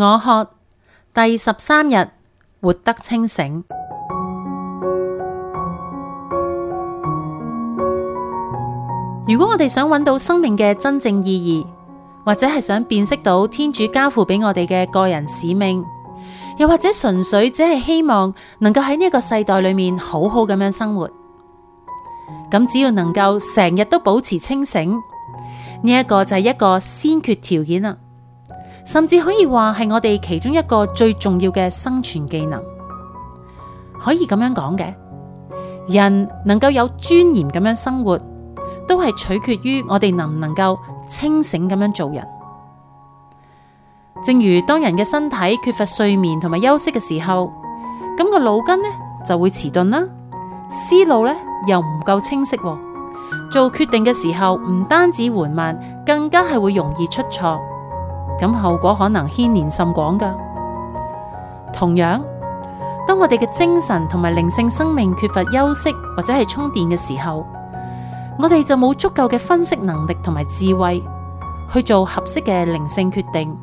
我渴第十三日活得清醒。如果我哋想揾到生命嘅真正意義，或者係想辨識到天主交付俾我哋嘅個人使命，又或者純粹只係希望能夠喺呢一個世代裏面好好咁樣生活，咁只要能夠成日都保持清醒，呢、這、一個就係一個先決條件啦。甚至可以話係我哋其中一個最重要嘅生存技能，可以咁樣講嘅，人能夠有尊嚴咁樣生活，都係取決於我哋能唔能夠清醒咁樣做人。正如當人嘅身體缺乏睡眠同埋休息嘅時候，咁個腦筋呢就會遲鈍啦，思路呢又唔夠清晰，做決定嘅時候唔單止緩慢，更加係會容易出錯。咁後果可能牽連甚廣噶。同樣，當我哋嘅精神同埋靈性生命缺乏休息或者係充電嘅時候，我哋就冇足夠嘅分析能力同埋智慧去做合適嘅靈性決定，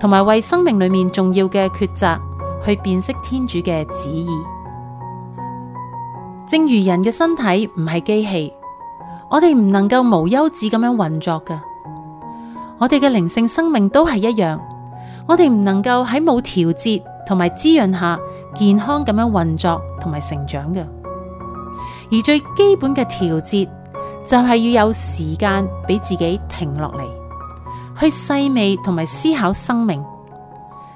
同埋為生命裏面重要嘅抉擇去辨識天主嘅旨意。正如人嘅身體唔係機器，我哋唔能夠無休止咁樣運作㗎。我哋嘅靈性生命都係一樣，我哋唔能夠喺冇調節同埋滋潤下健康咁樣運作同埋成長㗎。而最基本嘅調節就係要有時間俾自己停落嚟，去細味同埋思考生命，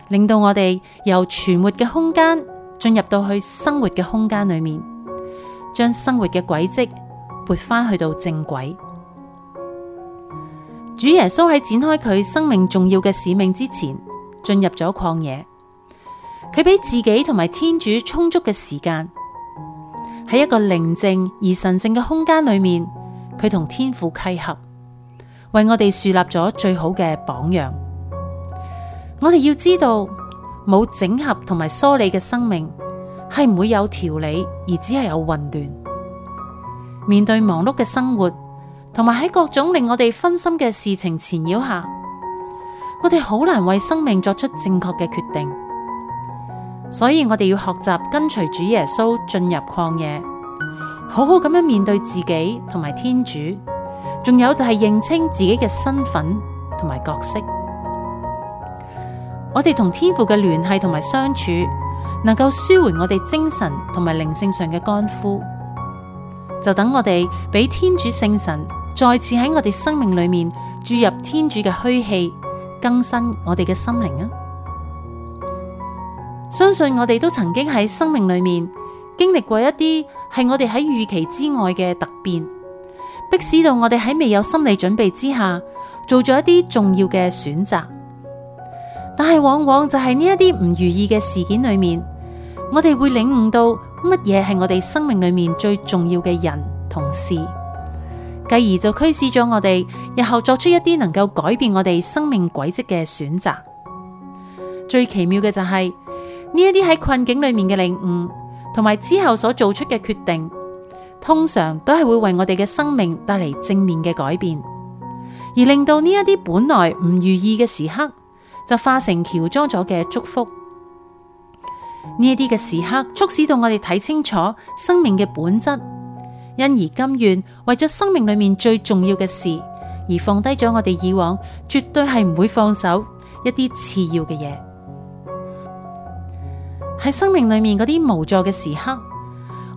令到我哋由存活嘅空間進入到去生活嘅空間裏面，將生活嘅軌跡撥翻去到正軌。主耶穌喺展開佢生命重要嘅使命之前，進入咗曠野，佢俾自己同埋天主充足嘅時間，喺一個寧靜而神聖嘅空間裏面，佢同天父契合，為我哋樹立咗最好嘅榜樣。我哋要知道，冇整合同埋梳理嘅生命，係唔會有條理，而只係有混亂。面對忙碌嘅生活，同埋喺各種令我哋分心嘅事情纏繞下，我哋好難為生命作出正確嘅決定。所以我哋要學習跟隨主耶穌進入曠野，好好咁樣面對自己同埋天主，仲有就係認清自己嘅身份同埋角色。我哋同天父嘅聯繫同埋相處，能夠舒緩我哋精神同埋靈性上嘅乾枯。就等我哋俾天主聖神。再次喺我哋生命裏面注入天主嘅噓氣，更新我哋嘅心靈啊！相信我哋都曾經喺生命裏面經歷過一啲係我哋喺預期之外嘅突變，迫使到我哋喺未有心理準備之下做咗一啲重要嘅選擇。但係往往就係呢一啲唔如意嘅事件裏面，我哋會領悟到乜嘢係我哋生命裏面最重要嘅人同事。繼而就驅使咗我哋日後作出一啲能夠改變我哋生命軌跡嘅選擇。最奇妙嘅就係呢一啲喺困境裏面嘅領悟，同埋之後所做出嘅決定，通常都係會為我哋嘅生命帶嚟正面嘅改變，而令到呢一啲本來唔如意嘅時刻就化成喬裝咗嘅祝福。呢一啲嘅時刻促使到我哋睇清楚生命嘅本質。因而甘願為咗生命裏面最重要嘅事而放低咗我哋以往絕對係唔會放手，一啲次要嘅嘢。喺生命裏面嗰啲無助嘅時刻，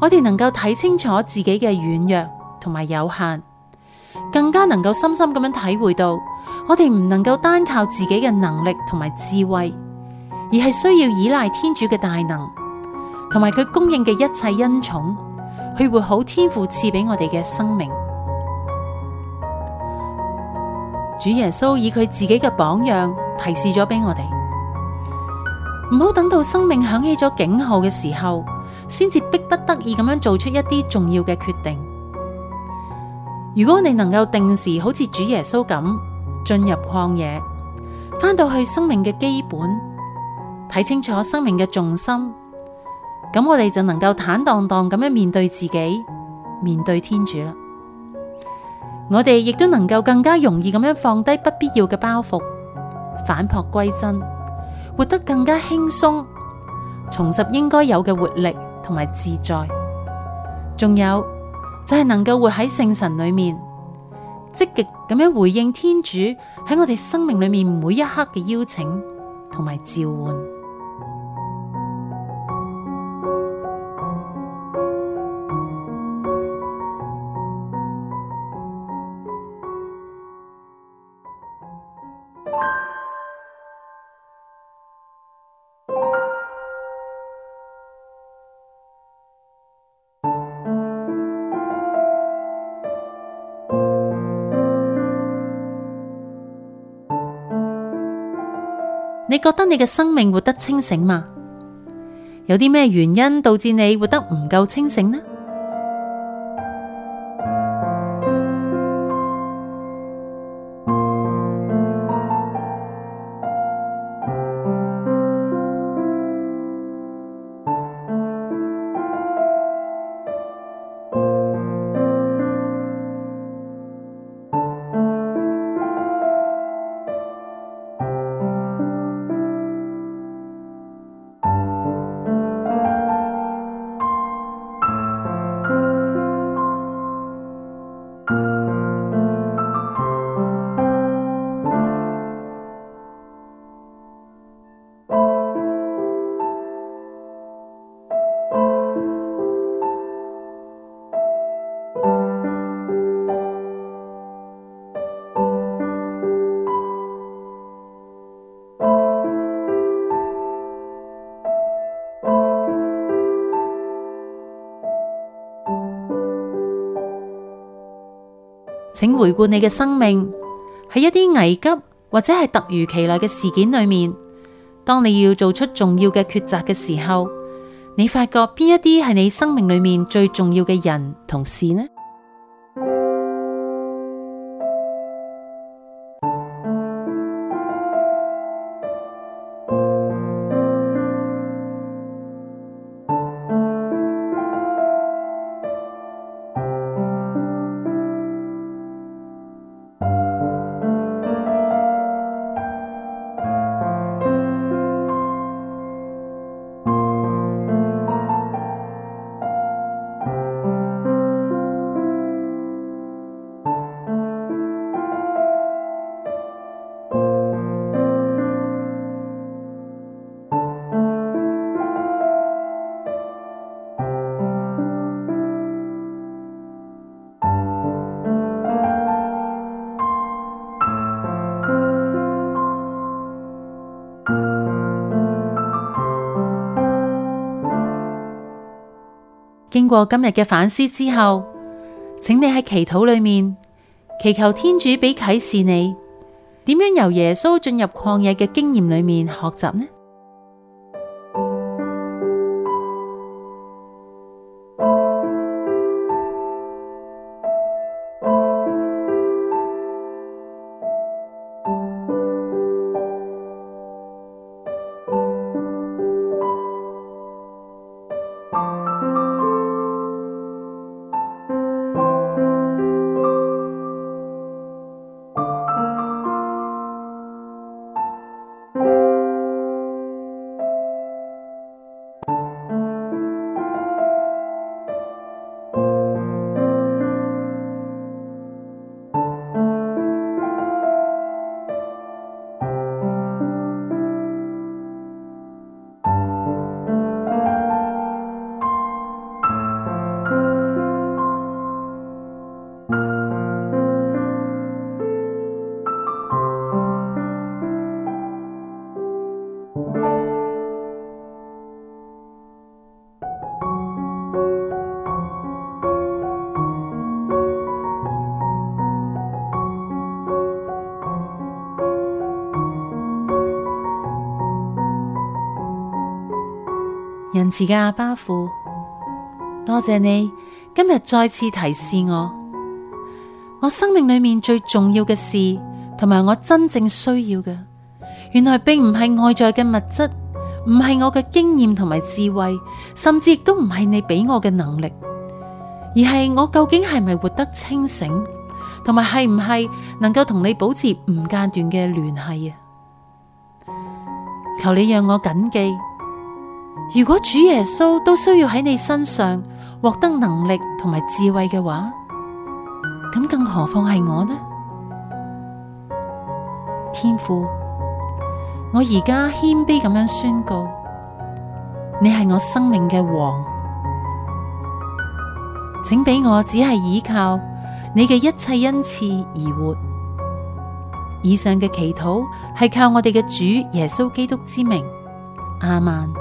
我哋能夠睇清楚自己嘅軟弱同埋有限，更加能夠深深咁樣體會到，我哋唔能夠單靠自己嘅能力同埋智慧，而係需要依賴天主嘅大能，同埋佢供應嘅一切恩寵。去活好天父賜俾我哋嘅生命，主耶穌以佢自己嘅榜樣提示咗俾我哋，唔好等到生命響起咗警號嘅時候，先至逼不得已咁樣做出一啲重要嘅決定。如果你能夠定時好似主耶穌咁進入曠野，翻到去生命嘅基本，睇清楚生命嘅重心。咁我哋就能夠坦蕩蕩咁樣面對自己，面對天主啦。我哋亦都能夠更加容易咁樣放低不必要嘅包袱，返璞歸真，活得更加輕鬆，重拾應該有嘅活力同埋自在。仲有就係能夠活喺聖神裏面，積極咁樣回應天主喺我哋生命裏面每一刻嘅邀請同埋召喚。你覺得你嘅生命活得清醒嗎？有啲咩原因導致你活得唔夠清醒呢？請回顧你嘅生命，喺一啲危急或者係突如其來嘅事件裏面，當你要做出重要嘅抉擇嘅時候，你發覺邊一啲係你生命裏面最重要嘅人同事呢？經過今日嘅反思之後，請你喺祈禱裏面祈求天主俾啟示你，點樣由耶穌進入曠野嘅經驗裏面學習呢？慈嘅阿爸父，多謝你今日再次提示我，我生命裏面最重要嘅事，同埋我真正需要嘅，原來並唔係外在嘅物質，唔係我嘅經驗同埋智慧，甚至亦都唔係你俾我嘅能力，而係我究竟係咪活得清醒，同埋係唔係能夠同你保持唔間斷嘅聯繫啊？求你讓我謹記。如果主耶穌都需要喺你身上獲得能力同埋智慧嘅話，咁更何況係我呢？天父，我而家謙卑咁樣宣告，你係我生命嘅王，請俾我只係依靠你嘅一切恩賜而活。以上嘅祈禱係靠我哋嘅主耶穌基督之名，亞孟。